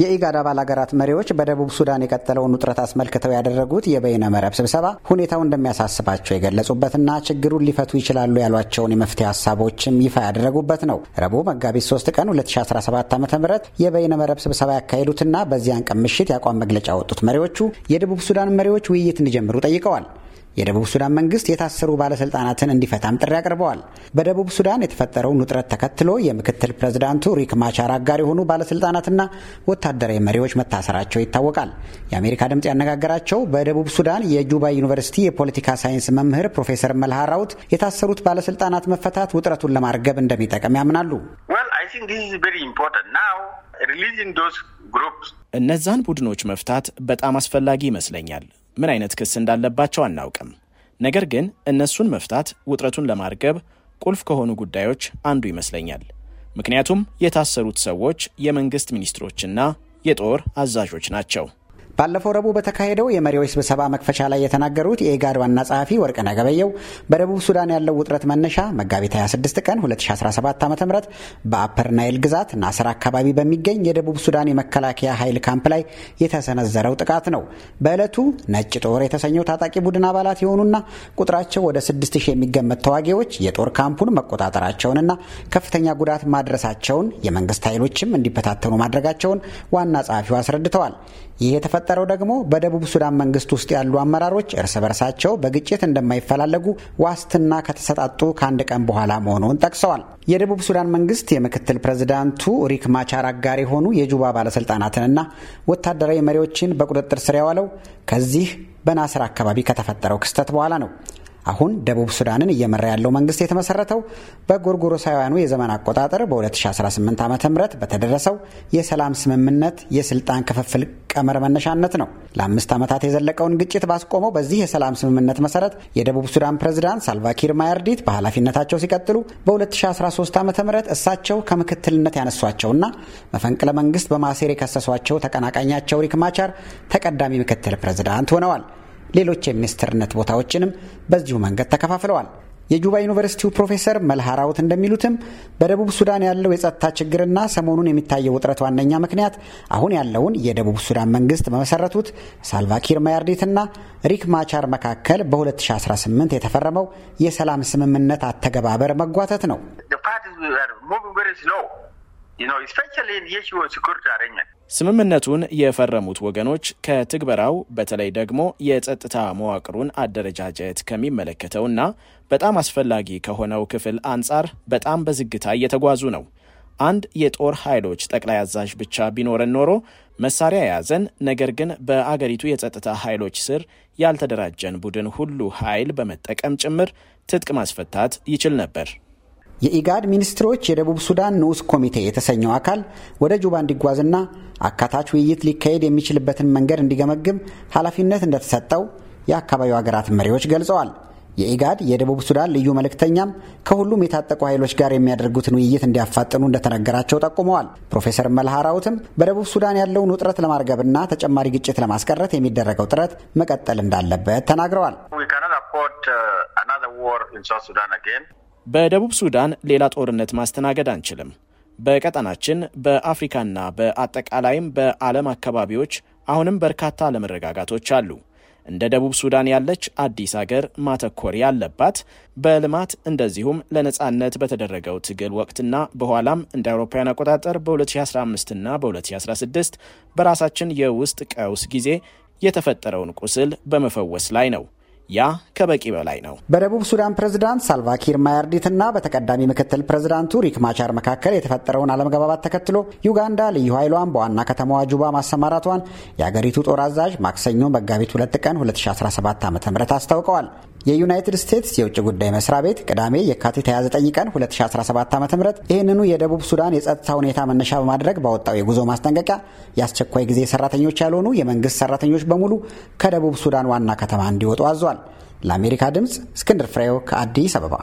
የኢጋድ አባል ሀገራት መሪዎች በደቡብ ሱዳን የቀጠለውን ውጥረት አስመልክተው ያደረጉት የበይነ መረብ ስብሰባ ሁኔታው እንደሚያሳስባቸው የገለጹበትና ችግሩን ሊፈቱ ይችላሉ ያሏቸውን የመፍትሄ ሀሳቦችም ይፋ ያደረጉበት ነው። ረቡዕ መጋቢት 3 ቀን 2017 ዓ ም የበይነ መረብ ስብሰባ ያካሄዱትና በዚያን ቀን ምሽት የአቋም መግለጫ ያወጡት መሪዎቹ የደቡብ ሱዳን መሪዎች ውይይት እንዲጀምሩ ጠይቀዋል። የደቡብ ሱዳን መንግስት የታሰሩ ባለስልጣናትን እንዲፈታም ጥሪ አቅርበዋል። በደቡብ ሱዳን የተፈጠረውን ውጥረት ተከትሎ የምክትል ፕሬዝዳንቱ ሪክ ማቻር አጋር የሆኑ ባለስልጣናትና ወታደራዊ መሪዎች መታሰራቸው ይታወቃል። የአሜሪካ ድምፅ ያነጋገራቸው በደቡብ ሱዳን የጁባ ዩኒቨርሲቲ የፖለቲካ ሳይንስ መምህር ፕሮፌሰር መልሃ ራውት የታሰሩት ባለስልጣናት መፈታት ውጥረቱን ለማርገብ እንደሚጠቅም ያምናሉ። እነዛን ቡድኖች መፍታት በጣም አስፈላጊ ይመስለኛል። ምን አይነት ክስ እንዳለባቸው አናውቅም። ነገር ግን እነሱን መፍታት ውጥረቱን ለማርገብ ቁልፍ ከሆኑ ጉዳዮች አንዱ ይመስለኛል። ምክንያቱም የታሰሩት ሰዎች የመንግስት ሚኒስትሮችና የጦር አዛዦች ናቸው። ባለፈው ረቡዕ በተካሄደው የመሪዎች ስብሰባ መክፈቻ ላይ የተናገሩት የኢጋድ ዋና ጸሐፊ ወርቅነህ ገበየው በደቡብ ሱዳን ያለው ውጥረት መነሻ መጋቢት 26 ቀን 2017 ዓ ም በአፐር ናይል ግዛት ናስር አካባቢ በሚገኝ የደቡብ ሱዳን የመከላከያ ኃይል ካምፕ ላይ የተሰነዘረው ጥቃት ነው። በዕለቱ ነጭ ጦር የተሰኘው ታጣቂ ቡድን አባላት የሆኑና ቁጥራቸው ወደ 6000 የሚገመት ተዋጊዎች የጦር ካምፑን መቆጣጠራቸውንና ከፍተኛ ጉዳት ማድረሳቸውን የመንግስት ኃይሎችም እንዲበታተኑ ማድረጋቸውን ዋና ጸሐፊው አስረድተዋል። ይህ የተፈጠረው ደግሞ በደቡብ ሱዳን መንግስት ውስጥ ያሉ አመራሮች እርስ በርሳቸው በግጭት እንደማይፈላለጉ ዋስትና ከተሰጣጡ ከአንድ ቀን በኋላ መሆኑን ጠቅሰዋል። የደቡብ ሱዳን መንግስት የምክትል ፕሬዝዳንቱ ሪክ ማቻር አጋር የሆኑ የጁባ ባለስልጣናትንና ወታደራዊ መሪዎችን በቁጥጥር ስር ያዋለው ከዚህ በናስር አካባቢ ከተፈጠረው ክስተት በኋላ ነው። አሁን ደቡብ ሱዳንን እየመራ ያለው መንግስት የተመሰረተው በጎርጎሮሳውያኑ የዘመን አቆጣጠር በ2018 ዓ ም በተደረሰው የሰላም ስምምነት የስልጣን ክፍፍል ቀመር መነሻነት ነው። ለአምስት ዓመታት የዘለቀውን ግጭት ባስቆመው በዚህ የሰላም ስምምነት መሰረት የደቡብ ሱዳን ፕሬዝዳንት ሳልቫኪር ማያርዲት በኃላፊነታቸው ሲቀጥሉ በ2013 ዓ ም እሳቸው ከምክትልነት ያነሷቸውና መፈንቅለ መንግስት በማሴር የከሰሷቸው ተቀናቃኛቸው ሪክ ማቻር ተቀዳሚ ምክትል ፕሬዝዳንት ሆነዋል። ሌሎች የሚኒስትርነት ቦታዎችንም በዚሁ መንገድ ተከፋፍለዋል። የጁባ ዩኒቨርሲቲው ፕሮፌሰር መልሃራውት እንደሚሉትም በደቡብ ሱዳን ያለው የጸጥታ ችግርና ሰሞኑን የሚታየው ውጥረት ዋነኛ ምክንያት አሁን ያለውን የደቡብ ሱዳን መንግስት በመሰረቱት ሳልቫኪር ማያርዲትና ሪክ ማቻር መካከል በ2018 የተፈረመው የሰላም ስምምነት አተገባበር መጓተት ነው። ስምምነቱን የፈረሙት ወገኖች ከትግበራው በተለይ ደግሞ የጸጥታ መዋቅሩን አደረጃጀት ከሚመለከተውና በጣም አስፈላጊ ከሆነው ክፍል አንጻር በጣም በዝግታ እየተጓዙ ነው። አንድ የጦር ኃይሎች ጠቅላይ አዛዥ ብቻ ቢኖረን ኖሮ መሳሪያ የያዘን ነገር ግን በአገሪቱ የጸጥታ ኃይሎች ስር ያልተደራጀን ቡድን ሁሉ ኃይል በመጠቀም ጭምር ትጥቅ ማስፈታት ይችል ነበር። የኢጋድ ሚኒስትሮች የደቡብ ሱዳን ንዑስ ኮሚቴ የተሰኘው አካል ወደ ጁባ እንዲጓዝና አካታች ውይይት ሊካሄድ የሚችልበትን መንገድ እንዲገመግም ኃላፊነት እንደተሰጠው የአካባቢው ሀገራት መሪዎች ገልጸዋል። የኢጋድ የደቡብ ሱዳን ልዩ መልእክተኛም ከሁሉም የታጠቁ ኃይሎች ጋር የሚያደርጉትን ውይይት እንዲያፋጥኑ እንደተነገራቸው ጠቁመዋል። ፕሮፌሰር መልሃ ራውትም በደቡብ ሱዳን ያለውን ውጥረት ለማርገብና ተጨማሪ ግጭት ለማስቀረት የሚደረገው ጥረት መቀጠል እንዳለበት ተናግረዋል። በደቡብ ሱዳን ሌላ ጦርነት ማስተናገድ አንችልም። በቀጠናችን በአፍሪካና በአጠቃላይም በዓለም አካባቢዎች አሁንም በርካታ አለመረጋጋቶች አሉ። እንደ ደቡብ ሱዳን ያለች አዲስ አገር ማተኮር ያለባት በልማት እንደዚሁም ለነፃነት በተደረገው ትግል ወቅትና በኋላም እንደ አውሮፓውያን አቆጣጠር በ2015 እና በ2016 በራሳችን የውስጥ ቀውስ ጊዜ የተፈጠረውን ቁስል በመፈወስ ላይ ነው። ያ ከበቂ በላይ ነው። በደቡብ ሱዳን ፕሬዝዳንት ሳልቫኪር ማያርዲት እና በተቀዳሚ ምክትል ፕሬዝዳንቱ ሪክ ማቻር መካከል የተፈጠረውን አለመግባባት ተከትሎ ዩጋንዳ ልዩ ኃይሏን በዋና ከተማዋ ጁባ ማሰማራቷን የአገሪቱ ጦር አዛዥ ማክሰኞ መጋቢት 2 ቀን 2017 ዓ ም አስታውቀዋል። የዩናይትድ ስቴትስ የውጭ ጉዳይ መስሪያ ቤት ቅዳሜ የካቲት 29 ቀን 2017 ዓ ም ይህንኑ የደቡብ ሱዳን የጸጥታ ሁኔታ መነሻ በማድረግ ባወጣው የጉዞ ማስጠንቀቂያ የአስቸኳይ ጊዜ ሰራተኞች ያልሆኑ የመንግስት ሰራተኞች በሙሉ ከደቡብ ሱዳን ዋና ከተማ እንዲወጡ አዟል። ለአሜሪካ ድምፅ እስክንድር ፍሬው ከአዲስ አበባ